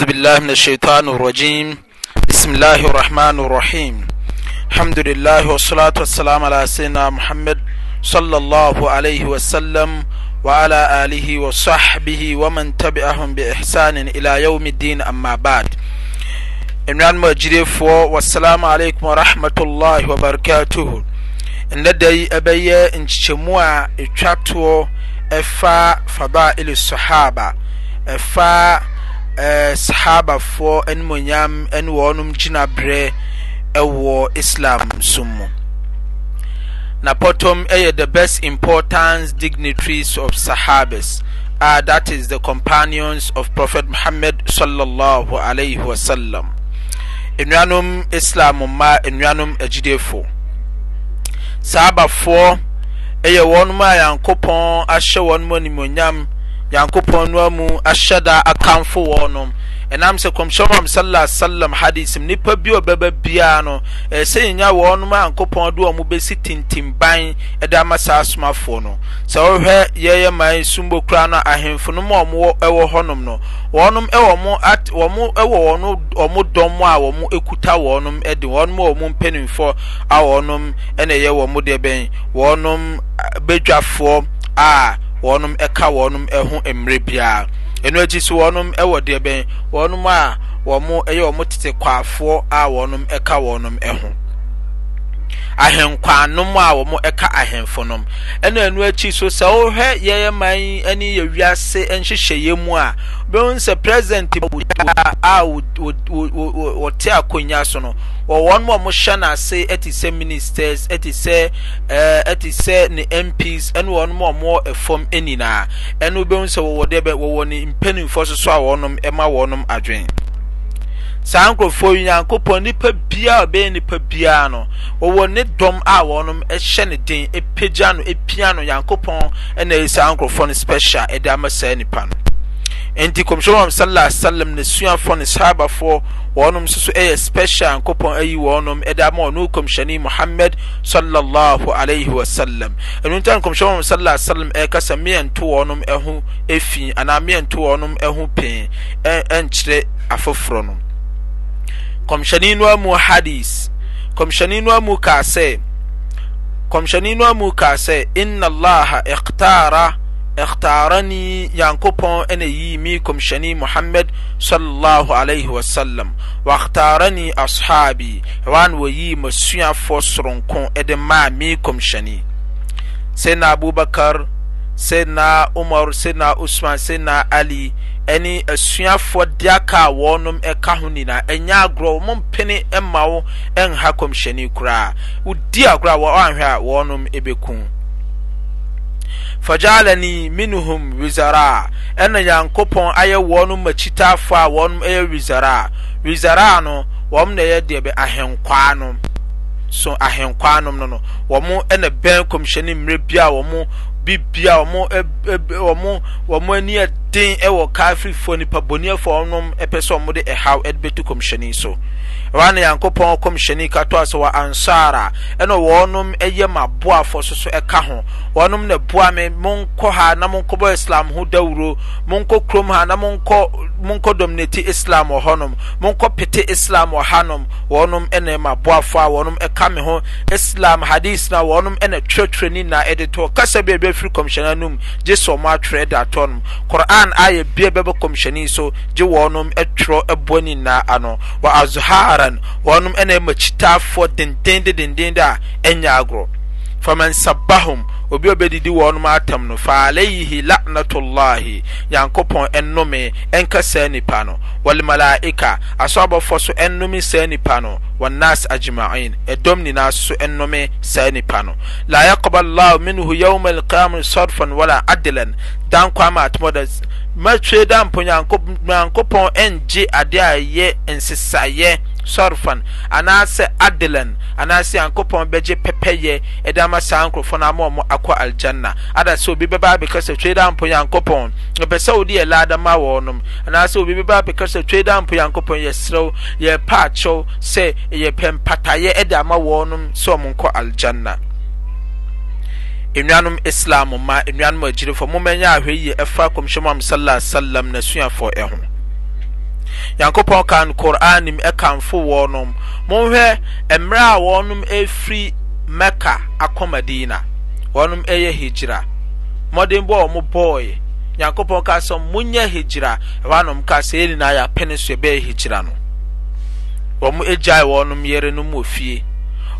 أعوذ بالله من الشيطان الرجيم بسم الله الرحمن الرحيم الحمد لله والصلاة والسلام على سيدنا محمد صلى الله عليه وسلم وعلى آله وصحبه ومن تبعهم بإحسان إلى يوم الدين أما بعد إمران مجرف والسلام عليكم ورحمة الله وبركاته إن لدي أبي إن انشموا اتشاتو أفا فضائل الصحابة أفا ɛɛ eh, sahabafoɔ animonyam ɛne wɔnom gyinaberɛ ɛwɔ islam so mu na pɔtɔm ɛyɛ e the best importance dignitaries of sahabas uh, ah, that is the companions of prophet muhammad sallallahu alaihi wasallam nnuanom islam mma nnuanom agyidefo sahabafoɔ ɛyɛ e wɔn a yankopɔn ahyɛ wɔn mu animonyam nyankopɔn no amu ahyɛda akamfo wɔ nom ɛnam sɛ kɔmhyɛm am sala salam hadis m nipa bi ɔbɛba biara no ɛɛ sɛ yɛnya wɔn nom a nkopɔn de wɔn bɛsi tintimban ɛde ama saa asomafoɔ no sɛ wohwɛ yɛyɛ man sumbo kura no ahemfo no ma wɔn ɛwɔ hɔnom no wɔn ɛwɔ mo at wɔn ɛwɔ wɔn wɔn dɔm a wɔn ekuta wɔn ɛde wɔn a wɔn mpanimfoɔ a wɔn ɛna ɛyɛ wɔn deɛ bɛn wɔn bedwafoɔ a. wɔnom ɛka wɔnom ɛho mmerɛ biara ɛno akyi so wɔnom ɛwɔ deɛ bɛn wɔnom a wɔn ɛyɛ wɔn tete kwaafoɔ a wɔnom ɛka wɔnom ɛho ahenkwanom a wɔn ɛka ahemfo nom ɛna ɛno akyi so sɛ wohwɛ yɛyɛ man ne yɛ wiase nhyehyɛeɛ mu a bɛhu sɛ president a wɔte akonnwa so no wɔ wɔn mu a wɔhyɛ n'ase te sɛ ministers te sɛ ɛɛ te sɛ ne mps ne wɔn mu a wɔwɔ fam nyinaa ɛne wobɛhu sɛ wɔwɔ deɛ bɛ wɔwɔ ne mpanimfoɔ soso a wɔn ma wɔn adwene saa nkurɔfoɔ yi nyankopɔn nipa biara ɔbɛyɛ nipa biara no wɔwɔ ne dɔm a wɔn hyɛ ne den apagya no apia no nyankopɔn na ɛyɛ saa nkurɔfoɔ no special de ama saa nipa no nti kɔmhyɛn wɔn sallallahu alaihi wa sallam ne suafoɔ ne sahabafoɔ wɔnom soso ɛyɛ spesial nkopɔn ayi wɔnom ɛdama ɔno kɔmhyɛni mohamed salellh alih wasalam ɛno ntan komhyani saaa salam ɛrɛka sa mea nto wɔnom ho fi anaa mea nto wɔ nom ho pee nkyerɛ afoforɔ no kɔmhyɛni no amu hadic hyni o ka sɛ kɔmhyɛni no amu ka sɛ innllaha htara ahtarani nyankopɔn ne yi me kmhyɛni mohamed s i waslam whtarani ashabi ɛwa a na wa yii ma suafoɔ soronko de maa me kɔmhyɛni sadena abubakar sadna omar sadna man saidna ali ane asuafoɔ deaka a wɔnom ɛka ho nyinaa ɛnya agorɔ w mompene ma wo nha kɔmhyɛni koraa wo di a kora w anhwɛ a wɔnom bɛku fajalani minhum wizara ɛna nyankopɔn ayɛ wɔn makyitafo a wɔn yɛ wizara wizara no wɔn na yɛ deɛ bɛ ahenkwaa no so ahenkwaa no no wɔn ɛna bɛn kɔmhyɛni mmerɛ bi a wɔn bibia wɔn ɛb wɔn wɔn ani ɛden ɛwɔ kaafirifoɔ nipa boniafoɔ wɔn ɛpɛ sɛ wɔn de ɛhaw ɛde bɛtu kɔmhyɛni so ɛwɔ na nyankopɔn kɔmhyɛni ka toa sɛ wɔ ansara ɛna wɔnom ɛyɛ ma boafoɔ so so ɛka ho wɔnom na boa me monkɔ ha na monkɔbɔ islam ho dawuro monkɔ kurom ha na monkɔ monkɔ dominate islam wɔ hɔnom monkɔ pete islam wɔ hanom wɔnom ɛna ma boafoɔ a wɔnom ɛka me ho islam hadis na wɔnom ɛna twerɛtwerɛ ni na ɛde toɔ kasa bi a ɛbɛfiri kɔmhyɛni anom gye sɛ ɔmo atwerɛ ɛde atɔ nom koran ayɛ bia ɛbɛbɛ kɔmhyɛni so gye wɔnom ɛtwerɛ ɛboa ni na ano wɔ azohar kuffaran wɔnom ɛna ɛma kyitaafoɔ dendendendenden a ɛnyɛ agorɔ faman sabbahum obi a obɛdidi wɔnom atam no fa alayihi la'natullahi nyankopɔn ɛnnome ɛnka saa nipa no walmalaika asɔabɔfoɔ so ɛnnome saa nipa no wannas ajma'in ɛdɔm nyinaa so ɛnnome saa nipa no la yaqbalallahu minhu yawma alqiyamati sarfan wala adlan dan kwama atmɔda matwe da mpo nyankopɔn ɛngye adeɛ a ɛyɛ nsesayɛ sɔrfan anaasɛ adelan anaasɛ yankopɔn bɛgye pɛpɛyɛ ɛde ama saa nkurɔfoɔ no ama ɔmo akɔ aljanna ada sɛ obi bɛba abɛka sɛ twei da mpo yankopɔn ɛpɛ sɛ wode yɛ laada ma wɔ nom anaasɛ obi bɛba abɛka sɛ twei da mpo yankopɔn yɛserɛw yɛpɛ akyɛw sɛ yɛpɛ mpataeɛ ɛde ama wɔ nom sɛ ɔmo nkɔ aljanna nnuanom islam ma nnuanom agyirefo mommɛnyɛ ahwɛ yie ɛfa kɔmhyɛ mu am sallallahu alaihi wasallam n'asuafoɔ ɛho nyankopɔn kan qur'an nim ɛkamfo wɔnom monhwɛ mmerɛ a wɔnom ɛfiri mɛka akɔ madina wɔnom ɛyɛ hijira mmɔden bɔ wɔn bɔɔɛ nyankopɔn ka sɛ monyɛ hijira ɛhɔ anom ka sɛ yɛ nyinaa yɛapene so ɛbɛyɛ hijira no wɔn agyae wɔnom yere no mu ofie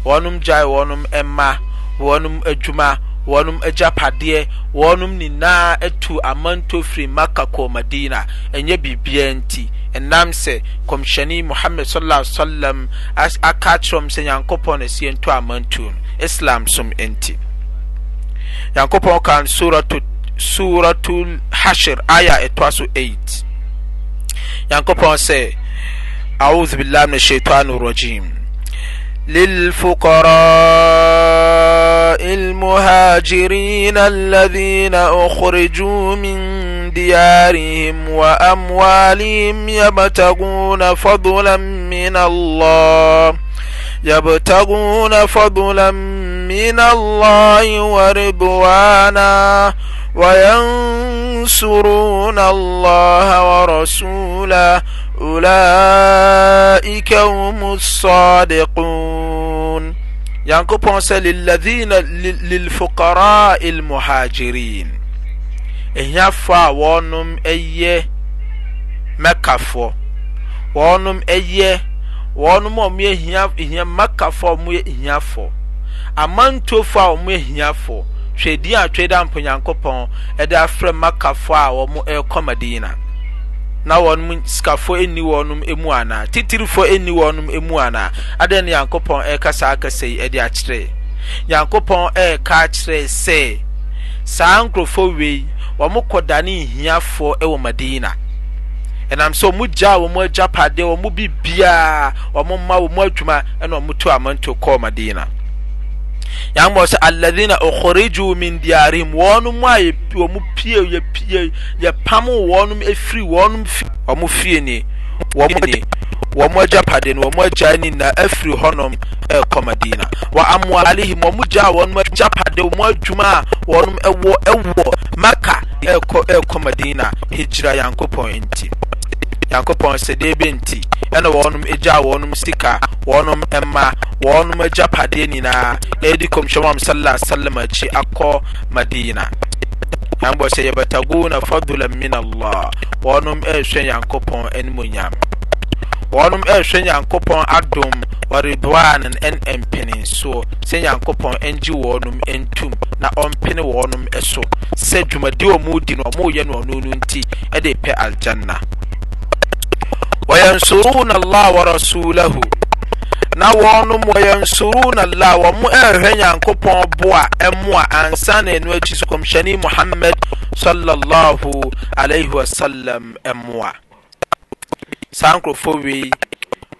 wɔnom gyae wɔnom mma wɔnom adwuma wɔnm gya padeɛ wɔnom nyinaa tu amantoo firi makka ko madina ɛnyɛ biribia nti nam sɛ kɔmsyɛni mohamed sa salm aka kyerɛm sɛ nyankopɔn nasi nto amanto no islamsom nti nyankopɔ kansuratlhashir aya ɛtɔa so ei nyankopɔn sɛ auzu billahi min ashitan arragim i المهاجرين الذين أخرجوا من ديارهم وأموالهم يبتغون فضلا من الله يبتغون فضلا من الله ورضوانا وينصرون الله ورسوله أولئك هم الصادقون nyankopɔn sɛ liladhina lilfuqara almuhajirin ɛhiafo a wɔnom ɛyɛ mɛkafoɔ wɔnom ɛyɛ wɔnom a wɔyɛ hia hia mɛkafoɔ a wɔyɛ hiafoɔ amantuofoɔ a wɔyɛ hiafoɔ hwɛ din a twɛ dɛ ampo nyankopɔn ɛde afrɛ mɛkafoɔ a wɔn ɛrekɔ madina na wɔn sikafo ɛnni wɔn mu anaa titirifo ɛnni wɔn mu anaa adeɛ no yankopɔn ɛreka saa akasa yi ɛde akyerɛ yankopɔn ɛreka akyerɛ sɛ saa nkurɔfoɔ wei wɔn kɔ dane nhiafoɔ ɛwɔ madina ɛnam sɛ wɔn gya wɔn agyapadeɛ wɔn bibiara wɔn mma wɔn adwuma ɛna wɔn to amanto kɔɔ madina yàrá mọ̀ sɛ alladhina ukhriju min diyarihim wɔn mu a yɛ wɔn pie yɛ pie yɛ pam wɔn efiri mu fi wɔn fie ni wɔn ni wɔn agyapade ni wɔn agya ni na efiri hɔnom ɛkɔ madina wa amwalihim wɔn gya wɔn agyapade wɔn adwuma a wɔn ɛwɔ ɛwɔ maka ɛkɔ ɛkɔ madina hijira yankopɔn nti nyankopɔn sɛ deɛ bɛ nti ɛna wɔnom gyaa wɔnom sika wɔnom mma wɔnom agyapadeɛ nyinaa ɛdi kɔmhyɛm am sala salam akyi akɔ madina yambɔ sɛ yɛbataguna fadula min allah wɔnom ɛrehwɛ nyankopɔn animonyam wɔnom ɛrehwɛ nyankopɔn adom wɔredwanen ɛn mpeninsoɔ sɛ nyankopɔn ɛngye wɔnom ntum na ɔmpene wɔnom so sɛ dwumadi wɔ mu no ɔmoyɛ no ɔno no nti ɛde pɛ aljanna wyansuruna lah warasulah na wɔnom wɔyansuruna lah wɔmo wɛhwɛ nyankopɔn boa ɛmoa ansa ne ɛnu akyi s kɔmhyɛne muhamad ssm moa sa nkurɔfɔ wii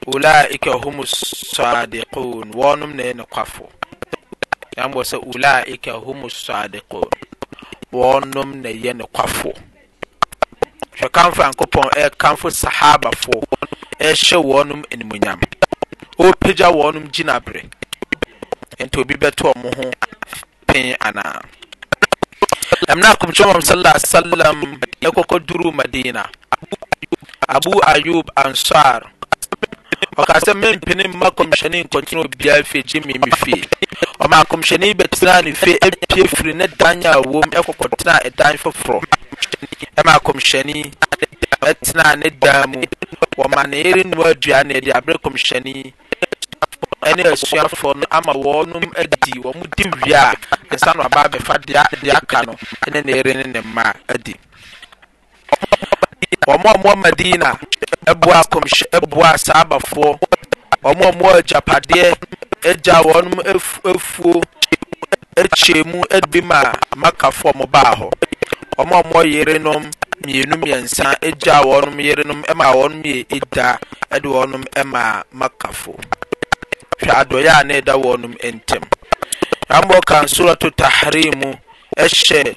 ulc hmsadiɔnyɛn kwafo sɛ uk hmsadionɔnomnayɛne kwafo bɛkamfo nyankopɔn ɛkamfo sahabafoɔ ɛhyɛ wɔnom animuonyam ɔpagya wɔnom berɛ nti obi bɛto ɔmo ho pin anaa ɛmna na sala salam ɛkɔkɔ duruu madina abu ayub ansar ɔkasa mempene mma kɔmhyɛne nkɔntene obiara fie gye me me fie ɔma akɔmhyɛne bɛtena ne fie apue firi ne dan a wɔm ɛkɔkɔtena ɛdan foforɔ ɛma akɔmhyɛne ɛtena ne dan mu wɔma ne yere nnua aduane ɛde aberɛ kɔmhyɛne ɛne asuafoɔ no ama wɔnom adi wɔn di wie a nsa aba abɛfa deɛ aka no ɛne ne yere ne ne mma adi wɔn a wɔwɔ madina ɛboa akɔmhyɛ ɛboa asaabafoɔ wɔn a wɔwɔ agyapadeɛ agya wɔn afuo akyia mu adi ma makafoɔ mo baa hɔ wɔn a wɔwɔ yerenom mmienu mmiɛnsa agya wɔn yerenom ɛma wɔn yɛ ɛda ɛde wɔn ɛma makafo hwɛ adɔeɛ a ne ɛda wɔn ntɛm yambɔ kan soro to tahare mu ɛhyɛ.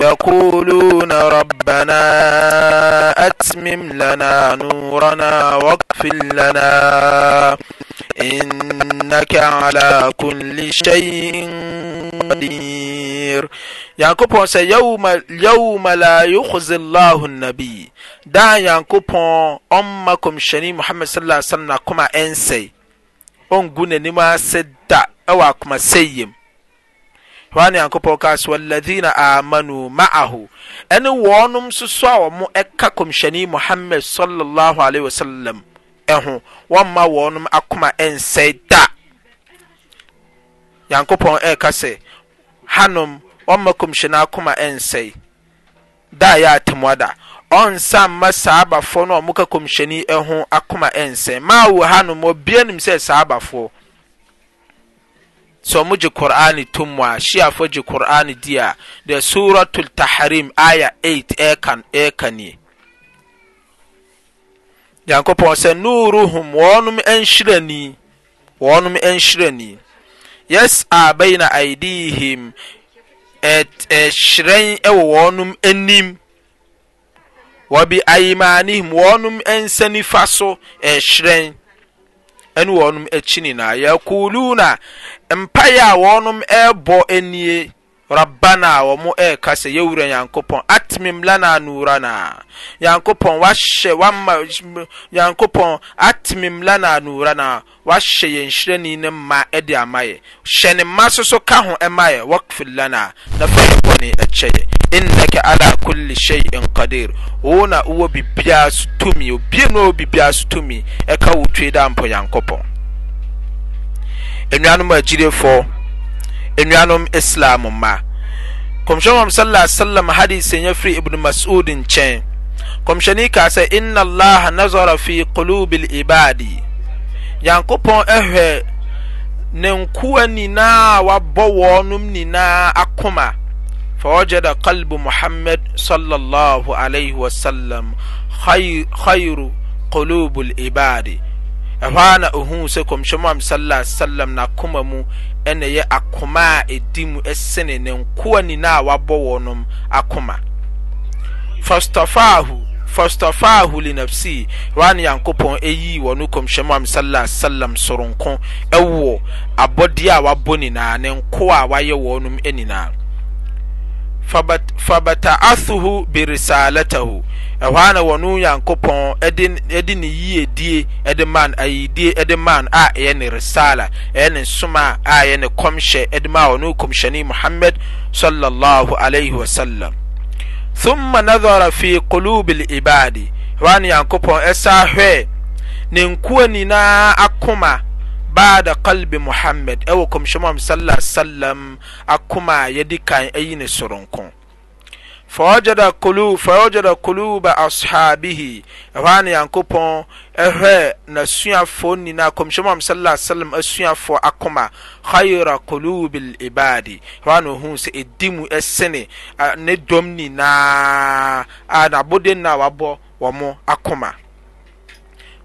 يقولون ربنا أتمم لنا نورنا واغفر لنا إنك على كل شيء قدير يانكوبون سي يوم, يوم لا يخز الله النبي دا يانكوبون أمكم شني محمد صلى الله عليه وسلم كما أنسي أنقون نما سدى أو أكما سيم hɔ ne nyankopɔn ka so alladhina amanu ma'ahu ɛne wɔnom soso a wɔn ɛka kɔmhyɛni muhammad sallallahu alaihi wasallam ɛho wɔmma wɔnom akoma ɛnsɛe da nyankopɔn ɛreka sɛ hanom wɔmma kɔmhyɛni akoma ɛnsɛe da yɛ atemwada ɔnsa mma saabafoɔ no a wɔka kɔmhyɛni ɛho akoma ɛnsɛe maa hanom obiara nim sɛ saabafoɔ sɛ ɔmo gye qur'ani tom a shiafo gye qur'ani di a deɛ suratul tahrim aya 8 ɛɛka e ɛɛka e nie nyankopɔn sɛ nuruhum wɔnom ɛnhyirani wɔnom ɛnhyirani yes a bayna aidihim ɛhyerɛn e ɛwɔ wɔnom anim wɔbi aimanihim wɔnom ɛnsa nifa so ɛhyerɛn ɛne wɔnom akyi nyinaa yɛkuluna mpaeɛ a wɔnom ɛrebɔ nie Rabana wɔ mo ɛɛka e sɛ yɛwura nyankopɔn atmim lana nurana nyankopɔn wahyɛ wama nyankopɔn atmim lana nurana wahyɛ yɛn hyirɛni ne ma ɛde e ama yɛ hyɛ ne ma soso ka ho ɛma e yɛ wakfil lana na fɛn bɔne ɛkyɛ yɛ innaka ala kulli shay'in qadir wo na wo bibia so tumi obie na wo bibia so ɛka wo twe da mpo nyankopɔn ɛnuanom islam ma kɔmhɛ mam sa salm hadiseya firi ibnu masuud nkyɛ kɔmshɛnika sɛ inna llaha nazara fii kulube libade nyankopɔn ɛhwɛ nenkua ninaa wabɔwɔɔnom nyinaa akoma fa wajeda kalbo muhamad sh i wasalam airu kulube libade ɛha na ohu sɛ kɔhɛ mam sa alm nakoma mu ɛna yɛ akoma a ɛdi mu ɛsene ne nkoa nyinaa a wabɔ nom akoma fastafaahu fastafaahu linafsi waa ne yankopɔn ɛyii wɔn kɔmhyɛm am sallallahu alaihi soronko ɛwɔ abɔdeɛ a wabɔ nyinaa ne nkoa a wayɛ nom nyinaa fabataahuho berisalataho ɛhɔaa na wɔno yankopɔn de ne yiedie ɛde mano ayidie ɛde maano a ɛyɛ ne risala ɛyɛ ne nsomaa a ɛyɛ ne kɔmhyɛ de ma wɔno komhyɛne muhamed sllh aih wasalam humma nahara fi kulube liibadi ɛhɔ a ne yankopɔn ɛsa hwɛɛ ne nkua nyinaa akoma bada kalebe mohamad ɛwɔ komshɛmam sala salam akoma yadi kan ayi ne soronko fa wagyeda koluba ashabihi ɛhaw ne yankopɔn ɛhwɛ nasuafɔ nyinaa komhɛmam saa salam asuafoɔ akoma haira kolobe libade ɛhaw ne ohu sɛ ɛdi mu ɛsene ne dɔm nyinaa a nabode nna wabɔ wɔmo akoma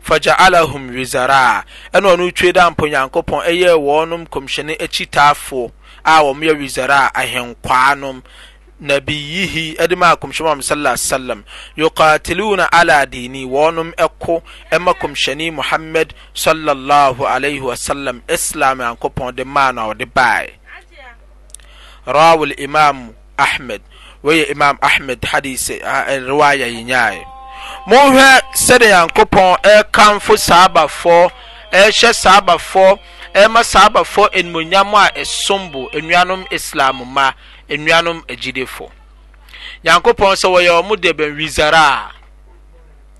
fajalahum wizra ɛnano twe damp yankpɔn ɛyɛ wɔnom kmyɛni kitafo a wɔmya wizara ahenkwanom nabiyihi dema kmy md s alm ukatiluna la dini wɔnom k ma kmyɛni muhamd wm islam yankpɔ de manade ba raao limam ahmd wy imam ahmed hadirwaya eh, yya monhwɛ sɛde nyankopɔn ɛkamfo saabafoɔ ɛhyɛ saabafoɔ ɛma saabafoɔ animonyam a ɛsom bo nnuanom islam ma nnuanom agyidefo nyankopɔn sɛ wɔyɛ wɔn de bɛn wizara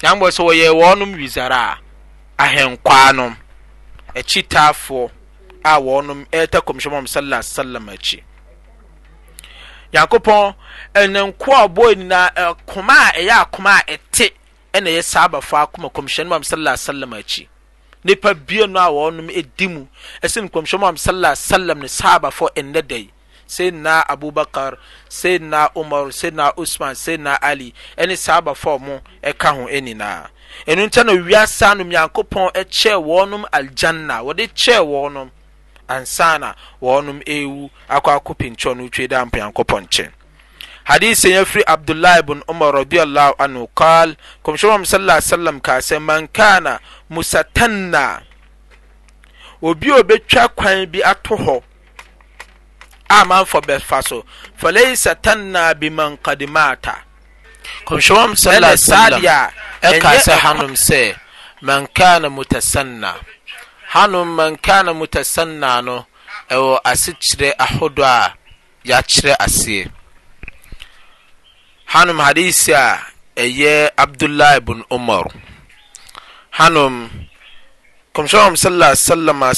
nyankopɔn sɛ wɔyɛ wɔnom wizara ahenkwaanom akyitaafoɔ a wɔnom ɛretɛ kɔmhyɛmɔm sallallahu alaihi wa sallam akyi. nyankopɔn ɛne nko bɔ anyinaa ɛkoma a ɛyɛ akoma a ɛte na yɛ saabafo akoma komhyɛn no m am saala salem akyi nipa bino a wɔnom di mu sene komnhyɛn mam salala salm no sabafɔ ɛnnɛdai seninaa abobakar sennaa omar senna ohman sennaa ali ne saabafo mo ka ho anyinaa ɛno nta no wia sa nom nyankopɔn kyɛɛ wɔɔnom aljanna dkyɛɛ wɔnm ansaɔɔnomwu akɔ akɔ pinkyɛno twe damp nyankɔpɔnkyɛ hadisiya firi abdulah ibin omar radilah anho kal kɔmsɛwm sa slam ka sɛ man kana musatanna obi o betwa kwan bi atɔ hɔ a manfɔ bɛfa so fa laisa tanna biman kademataa hanu man kana mutasanna nɔ ɛwɔ ase kerɛ ahodo a ya kerɛ aseɛ hanum hadisi a ɛyɛ abdulah bin omar hanu cmsssam asmradan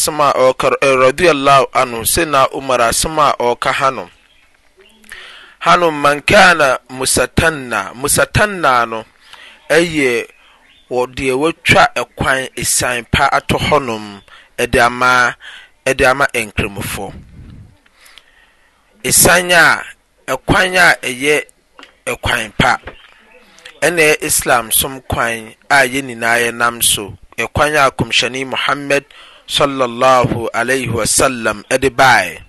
sena omar asma ɔka hannu anu man kan musatanna n ay wɔdeɛ wɔatwa ɛkwan asian pa atɔ hɔnom ɛde ama nkremufɔ nsiane a ɛkwan a ɛyɛ kwan pa ɛneɛ islam som kwan a yɛ nyinaa ɛ nam so ɛkwan a komhyɛne muhammed swslm ɛde baɛ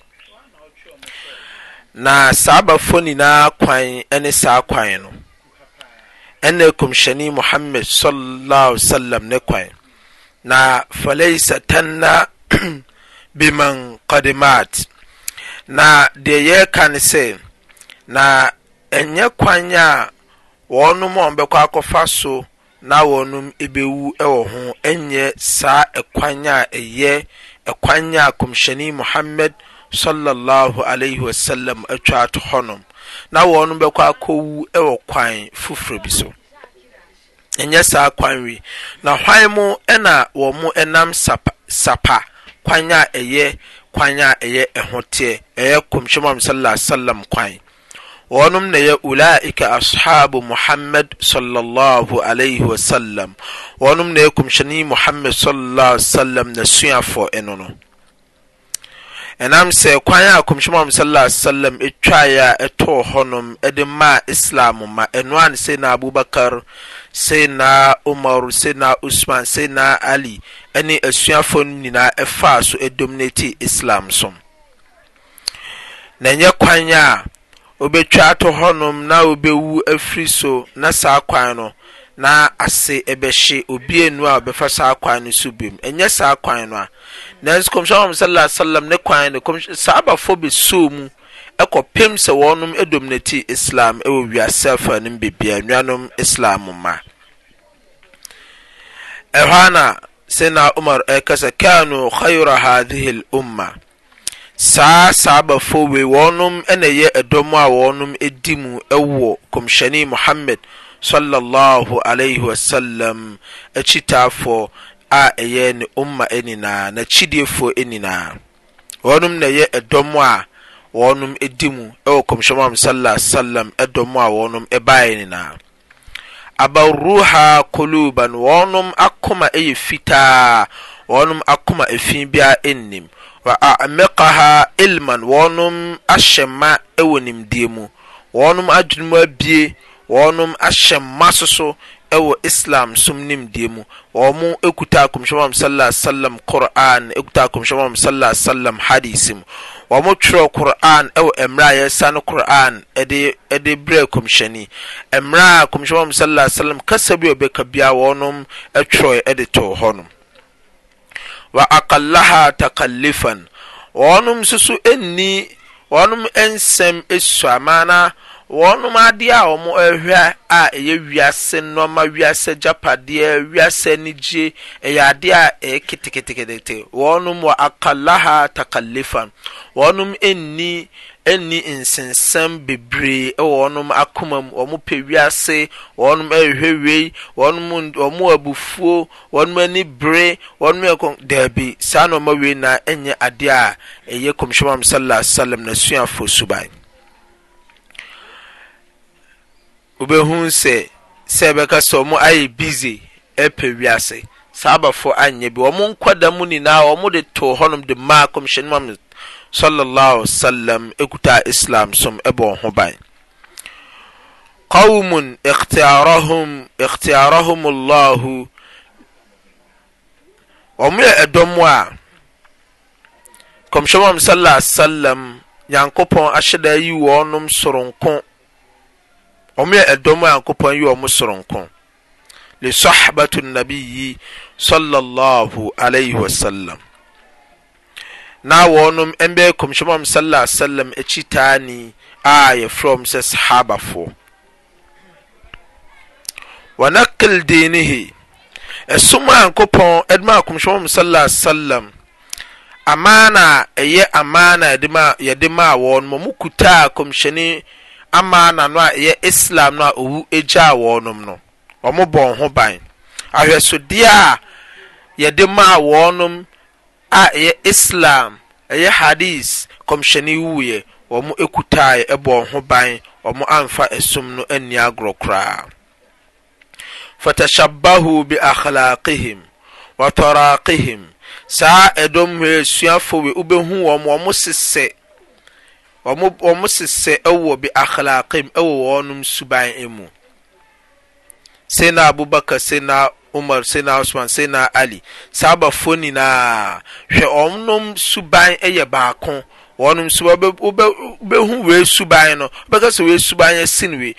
na saa bafo nyinaa kwan ne saa kwan no ɛna kɔmhyɛni muhammad sallallahu sallam ne kwan na falaisa tanna biman qadimat na deɛ ka ne sɛ na ɛnyɛ kwan a wɔnom a wɔbɛkɔ akɔfa so na wɔnom ebɛwu ɛwɔ ho ɛnyɛ saa ɛkwan a ɛyɛ ɛkwan a kɔmhyɛni muhammad sallallahu alaihi wasallam atwa ato hɔnom na wɔn bɛkɔ akɔwu wɔ kwan foforɔ bi so ɛnyɛ saa kwan wi na hwan mu na wɔn mo nam sapa sapa kwan a ɛyɛ kwan a ɛyɛ ɛho teɛ ɛyɛ kɔmhyɛm sallallahu alaihi kwan wɔnom na yɛ ulaika ashabu muhammad sallallahu alaihi sallam wɔnom na yɛ kɔmhyɛni muhammad sallallahu alaihi sallam na suafoɔ ɛno no ɛnam sɛ kwan a kɔmhyɛm sallallahu alaihi wasallam etwaeɛ a ɛtɔɔ hɔnom ɛde maa islam ma ɛnoa ne sɛ na abubakar sɛ na umar sɛ na usman sɛ na ali ɛne asuafoɔ no nyinaa ɛfaa so ɛdominati islam so na ɛnyɛ kwan a obɛtwa ato hɔnom na obɛwu afiri so na saa kwan no na ase ɛbɛhye obi enu a ɔbɛfa saa kwan no so bim ɛnyɛ saa kwan no a nanso kɔmhyɛn wɔn sallallahu alaihi ne kwan no kɔmhyɛn saa abafo bi so mu ɛkɔ pem sɛ wɔnom edom ne ti islam ɛwɔ wiase afa no mu beebi anuanom islam ma ɛhɔ ana sena umar ɛkasa kanu khayra hadhihi umma saa saa abafo wei wɔnom ɛna ɛyɛ ɛdɔm a wɔnom edi mu ɛwɔ kɔmhyɛn muhammad. swsm akyitaafɔ a ɛyɛ ne omma nyinaa nakyidiefɔ anyinaa wɔnom na ɛyɛ ɛdɔmɔ a wɔnom di mu ɛwɔ kɔmhyɛm am swsalm ɛdɔmɔ a wɔnom ɛba nyinaa abaruha koluban wɔnom akoma ɛyɛ fitaa wɔnom akoma ɛfi bia ɛnnim wɔ amekaha ilman wɔnom ahyɛ ma ɛwɔ nimdie mu wɔnom adwerom abie wɔnom ahyɛ mma so so ɛwɔ islam som nimdiɛ mu wɔ mo kuta a komswɛm sasalm qran ktaakomsym sasalm hadis mu wɔ mo tyerɛ qoran ɛwɔ merɛ a yɛ sano qoran de berɛ kɔmhyɛni merɛa komsyi saasalam kasa bia o bɛka bia wɔnom twerɔ detɔ hɔ no wɔ akallaha takalifan wɔ nom suso nni ɔnom nsɛm su amaa na wɔn adeɛ a wɔn ɛhwɛ a ɛyɛ wiase nneɛma wiase gyapadeɛ wiase anigye ɛyɛ adeɛ a ɛyɛ keteketekete wɔn wɔ akalaha takalifa wɔn ɛnni ɛnni nsensɛm bebree ɛwɔ wɔn akoma mu wɔn pɛ wiase wɔn ɛhwɛ wei wɔn wɔn abufuo wɔn ani bere wɔn ɛkɔn dɛɛbi saa nneɛma wei na ɛnyɛ adeɛ a ɛyɛ kɔmhyɛn mu sallallahu alaihi wa sallam na suafo suban. wobɛhu sɛ sɛ ɛbɛka sɛ ɔmo ayɛ busy ɛpɛ wiase saa abafo anyɛ bi ɔmo da mu nyinaa ɔmo de to hɔnom de maa kɔmhyɛn mu sallallahu sallam wasallam ekuta islam som ɛbɔ ho ban qawmun ikhtiyarahum ikhtiyarahum allah wɔn yɛ ɛdɔm a kɔmhyɛn mu sallallahu alaihi wasallam nyankopɔn ahyɛda yi wɔnom soronko ɔmo yɛ ɛdɔm nyankopɔn yɛwɔ mo soronko lesahbato annabiyi sllh iwasalam na wɔnom m bɛɛ kɔmnyɛnm m sa salam akyitaani a yɛfrɛɔm sɛ sahabafoɔ nakel dinehi ɛsom nyankopɔn dom a komhyɛmɔm sla salam amana ɛyɛ amana yɛde ma a wɔ nom ɔmo kutaa komhyɛni ama n'ano a ɛyɛ islam no a owu gyaa wɔnom no wɔn bɔ ho ban ahwɛsodeɛ a yɛde maa wɔnom a ɛyɛ islam ɛyɛ hadis kɔmhyɛni wuiɛ wɔn kutaeɛ ɛbɔ ho ban wɔn amfa ɛsom no ani agorɔ koraa fatashabahu bi akhlaqihim wa taraqihim saa ɛdɔm hɔ esuafo wei wɔn wɔn sesɛ wɔn wɔn sesɛ ɛwɔ bi akhlaqim ɛwɔ wɔn suban mu sena abubakar sena umar sena usman sena ali saabafo nyinaa hwɛ wɔn suban yɛ baako wɔn suba wobɛhu wei suban no wobɛka sɛ wei suban yɛ sin wei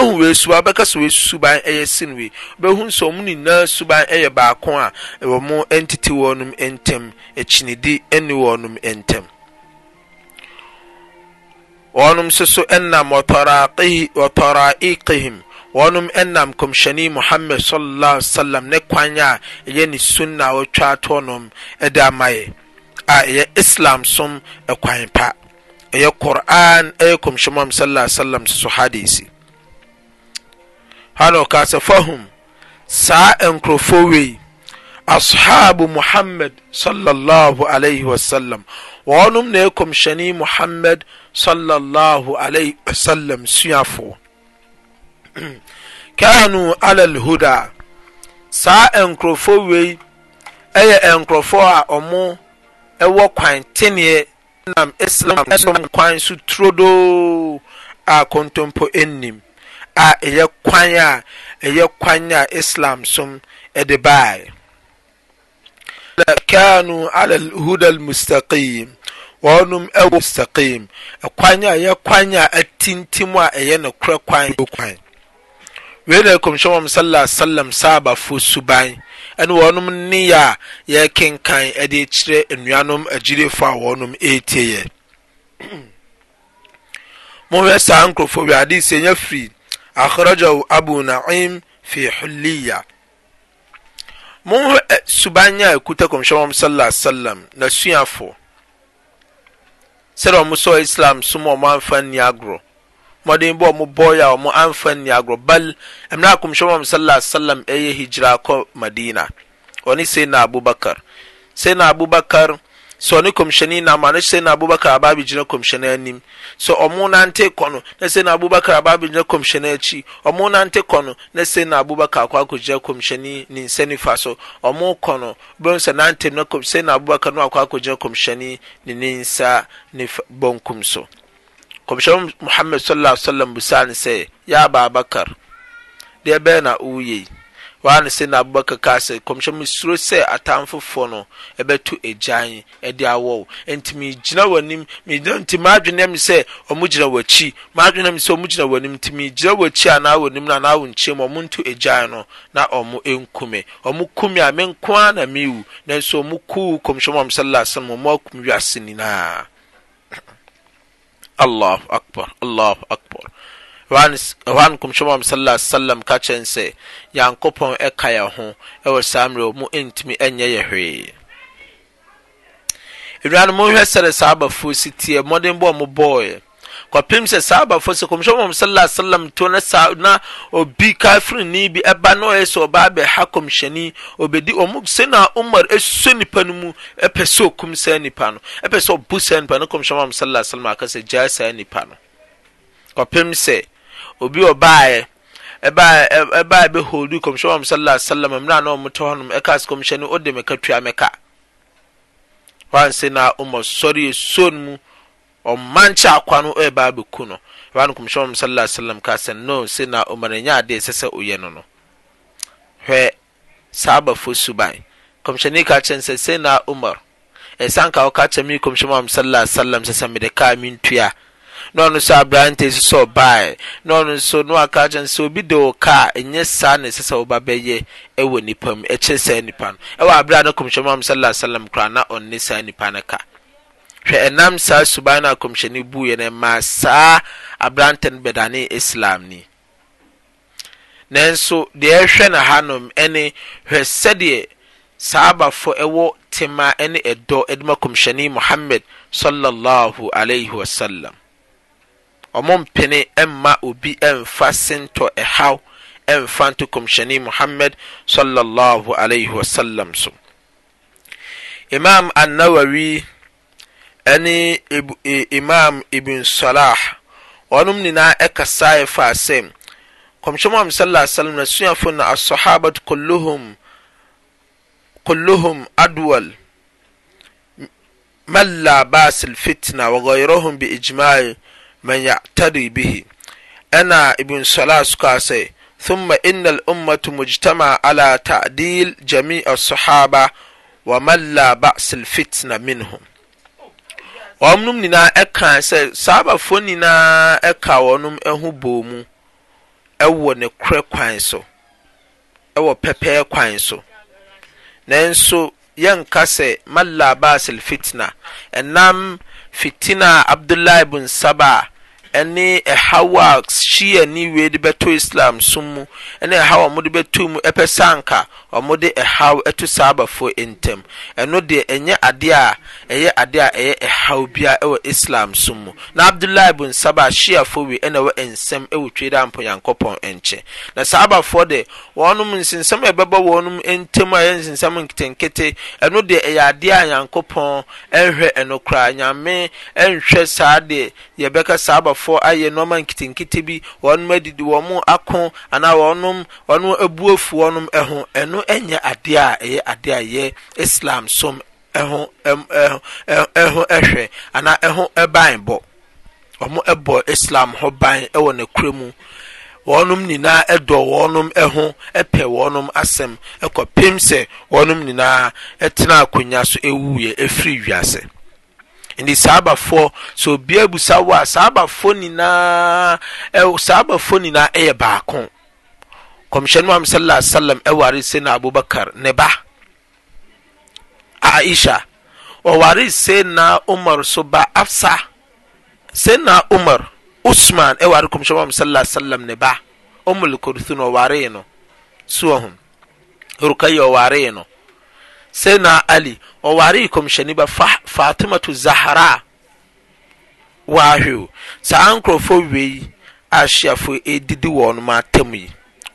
hu wei suba wobɛka sɛ wei suban yɛ sin wei sɛ wɔn nyinaa suban yɛ baako a wɔn ntete wɔn ntɛm akyinidi ne wɔn ntɛm. ɔnom soso ɛnam wataraikihim ɔnom ɛnam komhyɛni muhamad m ne kwan a ɛyɛne sunna a wɔtwatɔnom daama y a ɛyɛ islam som kwan pa ɛyɛ quran ɛyɛ komhyɛmm sm sso hadisy ankasfahum saa nkurɔfo wei ashabu muhammad s wsm wɔnom na ɛkɔmhyɛne muhammad sallallahu alaihi wasallam suafoɔ kanu alal huda saa nkurɔfoɔ wei ɛyɛ nkurɔfoɔ a ɔmo ɛwɔ kwan teneɛ nam islam ɛsom kwan so turodoo a kontompo ɛnnim a ɛyɛ kwan a ɛyɛ kwan a islam som ɛde baeɛ kanu alal huda almustaqim kwan a yɛkwan a atintim a ɛyɛ no kor kwank eiksɛmm ssalm sabafo suban ne wɔnom neyɛ a yɛrkenkan de kyerɛ anuanom agidefo a wɔnom tiemɛ sankufwsf rajh abu naim f ia mohɛ subanaktkhym sslmnsaf sed o mu so islam sumomu anfanni agro modin bo omu boya omu anfanni agro bal emer kumsemom slah salam eye hijra ko madina oni saidna abubakar saidna abubakar sɛ ɔne kɔmhyɛni nam a ne sɛ na abubakar aba abɛgyina kɔmhyɛni anim sɛ ɔmo nante kɔ no ne sɛ na abubakar aba abɛgyina kɔmhyɛni akyi ɔmo nante kɔ no ne sɛ na abubakar akɔ akɔgyina kɔmhyɛni ne nsa nifa so ɔmo kɔ no bɛn sɛ nante no sɛ na abubakar no akɔ akɔgyina kɔmhyɛni ne ne nsa nifa bɔnkum so kɔmhyɛni muhammed sallallahu alaihi wa sallam busa ne sɛ yaa ababakar deɛ bɛyɛ na ɔwɔ yie wɔn a na abubakar kaa sɛ mi mu atamfofoɔ no to agyan ɛde awɔ nti migyina wɔn anim migyina nti m'adwene mu sɛ wɔn gyina wɔn akyi m'adwene mu sɛ wɔn gyina wɔn anim nti wɔn akyi anaa wɔn anim na anaa wɔn nkyɛn mu wɔn nto no na wɔn nkume wɔn kume a mi nko ara na mewu nanso wɔn kuu kɔmhyɛn mu amsala asam akum nyinaa allah allah ha n kɔmswɛm am saala salam ka kyeɛn sɛ nyankopɔn ɛka yɛ ho ɛwɔ sa merɛ ɔ mu ntimi ɛnyɛ yɛ hwɛe nnuano mohwɛ sɛrɛ saabafo sitiɛ mɔden bɔɔ mobɔɔ kɔpem sɛ saabafo sɛ kɔmswɛma saa salm ntna bi ka frnibi ɛba naɔɛsɛ ɔbabɛha kɔmhyɛni obɛdi ɔmsɛn a umar s nnipa no mu pɛ sɛkmsaa nnipa npɛsɛsaa nipnkmasaslm s yas obi ɔbaeɛ ɛbaa ɛbaa bɛholdu kɔmhyɛn wɔn sallallahu alaihi sallam mmerɛ a na wɔn tɔ hɔnom ɛka sɛ kɔmhyɛn no ɔde mɛka tua mɛka wansi na ɔmɔ sɔre esuo no mu ɔmankyɛ akwa no ɛbaa bɛku no ɛbaa no kɔmhyɛn wɔn sallallahu alaihi wasallam ka sɛ no si na ɔmɔnanya adeɛ sɛ sɛ ɔyɛ no no hwɛ saabafo suban kɔmhyɛnni ka kyɛn sɛ sɛ na ɔmɔr ɛsan ka ɔka kyɛn mi kɔmhyɛn wɔn sallallahu alaihi wasallam sɛ sɛ mɛde kaa mi ntua na ɔno nso aberante nso sɛ ɔbaeɛ na ɔno nso no aka kyɛn sɛ obi de wo kaa ɛnyɛ saa na ɛsɛ sɛ woba bɛyɛ ɛwɔ nipa mu ɛkyɛ saa nipa no ɛwɔ aberɛ a na kɔmhyɛ mu sallallahu alaihi wasallam koraa na ɔnne saa nipa no ka hwɛ ɛnam saa suban no a kɔmhyɛni buiɛ no saa aberante no bɛdane islam ni nanso deɛ ɛhwɛ na hanom ɛne hwɛ sɛdeɛ saabafo ɛwɔ tema ɛne ɛdɔ ɛde ma kɔmhyɛni muhammad sallallahu alaihi wasallam ɔmo mpene mma obi mfa sentɔ ɛhaw mfa nto kɔmhyɛni muhammad sallallahu alaihi wasallam so imam annawawi ɛne imam ibn salah wɔnom nyinaa ɛkasaeɛ faa sɛ kɔmhyɛ muhammad sallallahu alaihi wasallam nasuafoɔ na asɔhabat kulluhum kulluhum adwal من لا باس الفتنة وغيرهم بإجماع man ya'tadi bihi ana ibn salah suka sai thumma innal ummatu mujtama ala ta'dil jami'a sahaba wa man la ba'sil fitna minhum wɔnom nyinaa ɛka sɛ saabafoɔ nyinaa ɛka wɔnom ho bɔɔ mu ɛwɔ ne korɛ kwan so ɛwɔ pɛpɛɛ kwan so nanso yɛnka sɛ mala basel fitna ɛnam fitina abdullahi bin saba ɛne ɛhaw a shia ni wei de bɛtɔ islam so mu ɛne ɛhaw a wɔde bɛtɔ mu ɛpɛ sanka wɔn de ɛhaw ɛto saa abafo ntam ɛno deɛ ɛnyɛ adeɛ a ɛyɛ adeɛ a ɛyɛ ɛhaw bia ɛwɔ islam so mu na abdullahi bin saba ahyiafo wi ɛna ɛwɔ nsɛm ɛwɔ twe dɛ ampɔnyankopɔn nkyɛn na saa abafoɔ deɛ wɔnom nsensɛm a ɛbɛbɔ wɔnom ntam a ɛyɛ nsensɛm nketenkete ɛno deɛ ɛyɛ adeɛ a nyankopɔn ɛnhwɛ ɛno koraa nyame ɛnhwɛ saa deɛ yɛbɛka saa abafoɔ ayɛ nneɛma nketenkete bi wɔnom adidi wɔn ako anaa wɔnom wɔnom abuafu wɔnom ɛho ɛno ɛno nyɛ adeɛ a ɛyɛ adeɛ a ɛyɛ islam som ɛho ɛho ɛhwɛ ana ɛho ɛban bɔ wɔn ɛbɔ islam hɔ ban ɛwɔ ne kura mu Wɔn nyinaa ɛdɔ wɔn ɛho ɛpɛ wɔn asɛm ɛkɔpem sɛ wɔn nyinaa ɛtena akonnwa so ɛwuiɛ ɛfiri wiase nti saabafoɔ sɛ obiara busa wo a saabafoɔ nyinaa ɛwɔ saabafoɔ nyinaa ɛyɛ baako kɔmhyɛn mu sallallahu alaihi wasallam ɛware sena abubakar ne ba aisha ɔware sena umar so ba afsa sena umar usman ɛware kɔmhyɛn mu sallallahu alaihi wasallam ne ba ɔmul kurthun ɔware no suwahum rukayya ɔware no sena ali ɔware kɔmhyɛn ba fatima tu zahara wahwew saa nkurɔfoɔ wei ahyiafoɔ edidi wɔn mu atam yi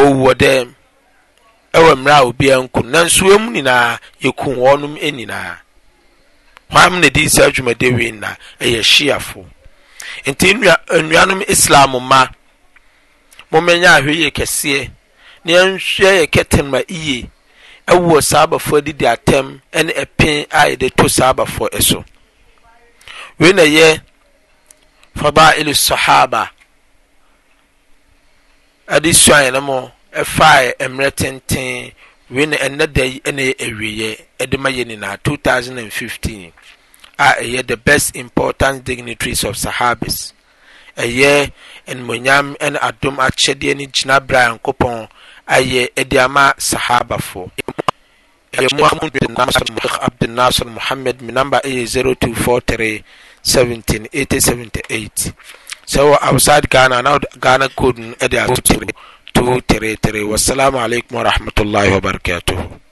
wɔwuwɔ dɛ ɛwɔ mmerɛ a obiara nku nanso emu nyinaa yɛku wɔnom nyinaa wɔn na di saa dwumadie wei na ɛyɛ hyiafo nti nnua nnuanom islam ma mommɛnya ahwɛ yie kɛseɛ na yɛnhwɛ yɛ kɛtɛn ma yie ɛwɔ saa abafoɔ didi atɛm ɛne ɛpin a yɛde to saa abafoɔ so wei na yɛ faba ilu sahaba ɛde suaeɛ no mo ɛfaeɛ mmerɛ tenten wei na ɛnɛ da yi ɛna yɛ awieɛ ɛde ma yɛ nyinaa 2015 a ɛyɛ the best important dignitaries of sahabis ɛyɛ animonyam ɛne adom akyɛdeɛ ne gyinabere a nyankopɔn ayɛ ɛde ama sahabafoɔ abdunasr muhammad mi namba ɛyɛ eighty seventy eight. sɛ wɔ outside ghana na ghana code no ɛde ato 233 wassalamu alaikum warahmatullahi wabarakatuhu